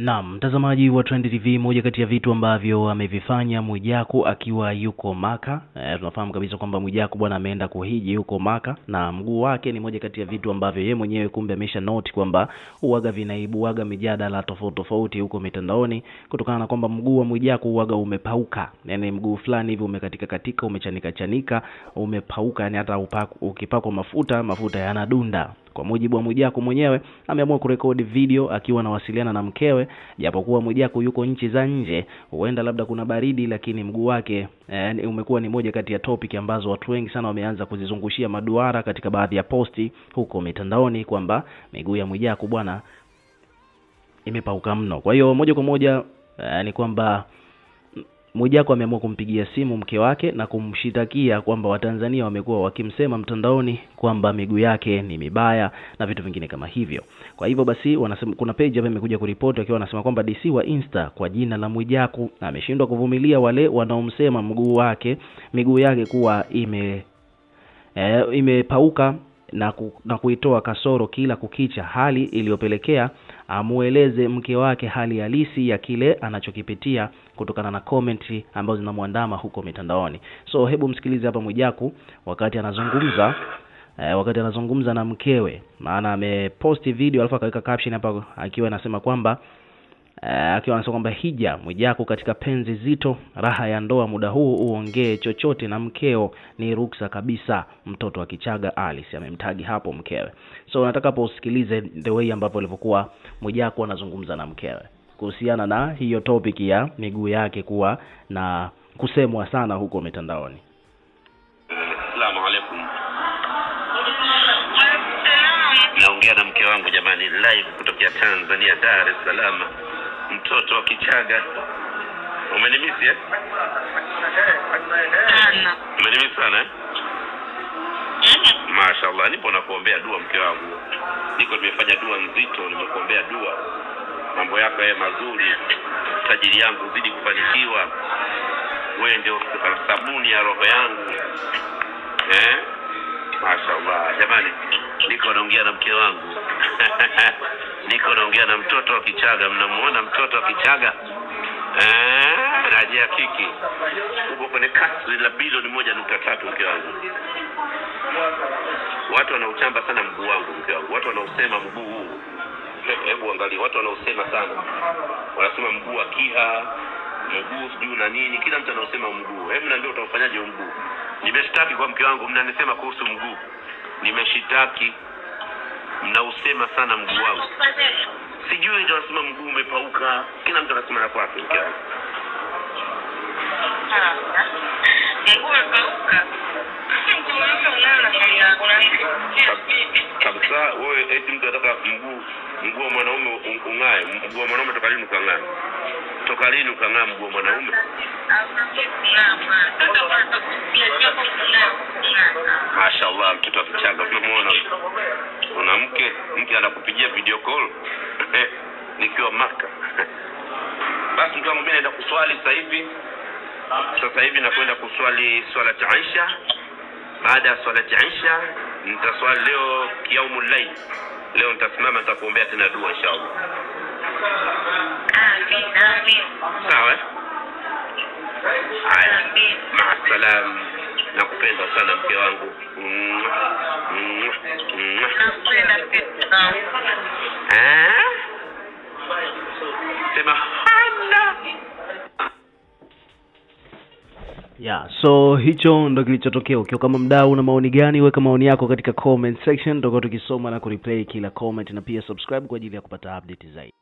Naam, mtazamaji wa Trend TV, moja kati ya vitu ambavyo amevifanya Mwijaku akiwa yuko Maka. E, tunafahamu kabisa kwamba Mwijaku bwana ameenda kuhiji yuko Maka na mguu wake ni moja kati ya vitu ambavyo ye mwenyewe kumbe amesha note kwamba uwaga vinaibu mijadala tofauti tofauti huko mitandaoni kutokana na kwamba mguu wa Mwijaku uwaga umepauka, yaani mguu fulani hivi umekatika katika, umechanika chanika, umepauka, yani hata ukipakwa mafuta mafuta yanadunda. Kwa mujibu wa Mwijaku mwenyewe, ameamua kurekodi video akiwa anawasiliana na mkewe, japokuwa Mwijaku yuko nchi za nje, huenda labda kuna baridi, lakini mguu wake eh, umekuwa ni moja kati ya topic ambazo watu wengi sana wameanza kuzizungushia maduara katika baadhi ya posti huko mitandaoni kwamba miguu ya Mwijaku bwana imepauka mno. Kwa hiyo moja kwa moja eh, ni kwamba Mwijaku ameamua kumpigia simu mke wake na kumshitakia kwamba Watanzania wamekuwa wakimsema mtandaoni kwamba miguu yake ni mibaya na vitu vingine kama hivyo. Kwa hivyo basi, wanasema kuna page hapa imekuja kuripoti wakiwa wanasema kwamba DC wa Insta kwa jina la Mwijaku ameshindwa kuvumilia wale wanaomsema mguu wake miguu yake kuwa ime e, imepauka na, ku, na kuitoa kasoro kila kukicha, hali iliyopelekea amueleze mke wake hali halisi ya kile anachokipitia kutokana na comment ambazo zinamwandama huko mitandaoni. So hebu msikilize hapa Mwijaku wakati anazungumza eh, wakati anazungumza na mkewe, maana ameposti video alafu akaweka caption hapa akiwa anasema kwamba eh, akiwa anasema kwamba hija Mwijaku katika penzi zito, raha ya ndoa, muda huu uongee chochote na mkeo ni ruksa kabisa. Mtoto wa Kichaga Alice amemtagi hapo mkewe, so nataka hapo usikilize the way ambavyo alivyokuwa Mwijaku anazungumza na mkewe kuhusiana na hiyo topic ya miguu yake kuwa na kusemwa sana huko mitandaoni. Asalamu Naongea na mke wangu jamani, live kutokea Tanzania, Dar es Salaam, mtoto wa Kichaga. Umenimisi eh? Umenimisi sana eh? Mashallah, nipo nakuombea dua mke wangu, niko nimefanya dua nzito, nimekuombea dua, mambo yako yawe mazuri, tajiri yangu zidi kufanikiwa, wewe ndio sabuni ya roho yangu eh? Mashallah jamani, niko naongea na mke wangu niko naongea na mtoto wa Kichaga, mnamuona mtoto wa Kichaga. Eh, rajia kiki huko kwenye kasri la bilioni moja nukta tatu mke wangu watu wanauchamba sana mguu wangu mke wangu watu wanaosema mguu huu hebu angalia watu wanaosema sana wanasema mguu wa kiha mguu sijuu na nini kila mtu anaosema mguu hebu naambia utaufanyaje mguu nimeshtaki kwa mke wangu mnanisema kuhusu mguu nimeshitaki mnausema sana mguu wangu sijui, ndio anasema mguu umepauka, kila mtu anasema na kwake. Mke wangu kabisa. Wewe eti mtu anataka mguu mguu wa mwanaume ung'ae? Mguu wa mwanaume toka lini ukang'aa? Toka lini ukang'aa mguu wa mwanaume? Mashaallah, mtoto wa kichanga, unamuona. Una mke, mke anakupigia video call eh, nikiwa Maka basi mtu wangu mimi naenda kuswali sasa hivi, sasa hivi nakwenda kuswali swala ya Isha. Baada ya swala ya Isha nitaswali leo kiaumu lai. leo nitasimama nitakuombea tena dua inshallah. Sawa, eh? haya, maasalam. Nakupenda sana mke wangu. Nakupenda pia. Emma. hana. Yeah, so hicho ndo kilichotokea. Ukiwa kama mdau, una maoni gani? Weka maoni yako katika comment section, tutakuwa tukisoma na kureplay kila comment, na pia subscribe kwa ajili ya kupata update zaidi.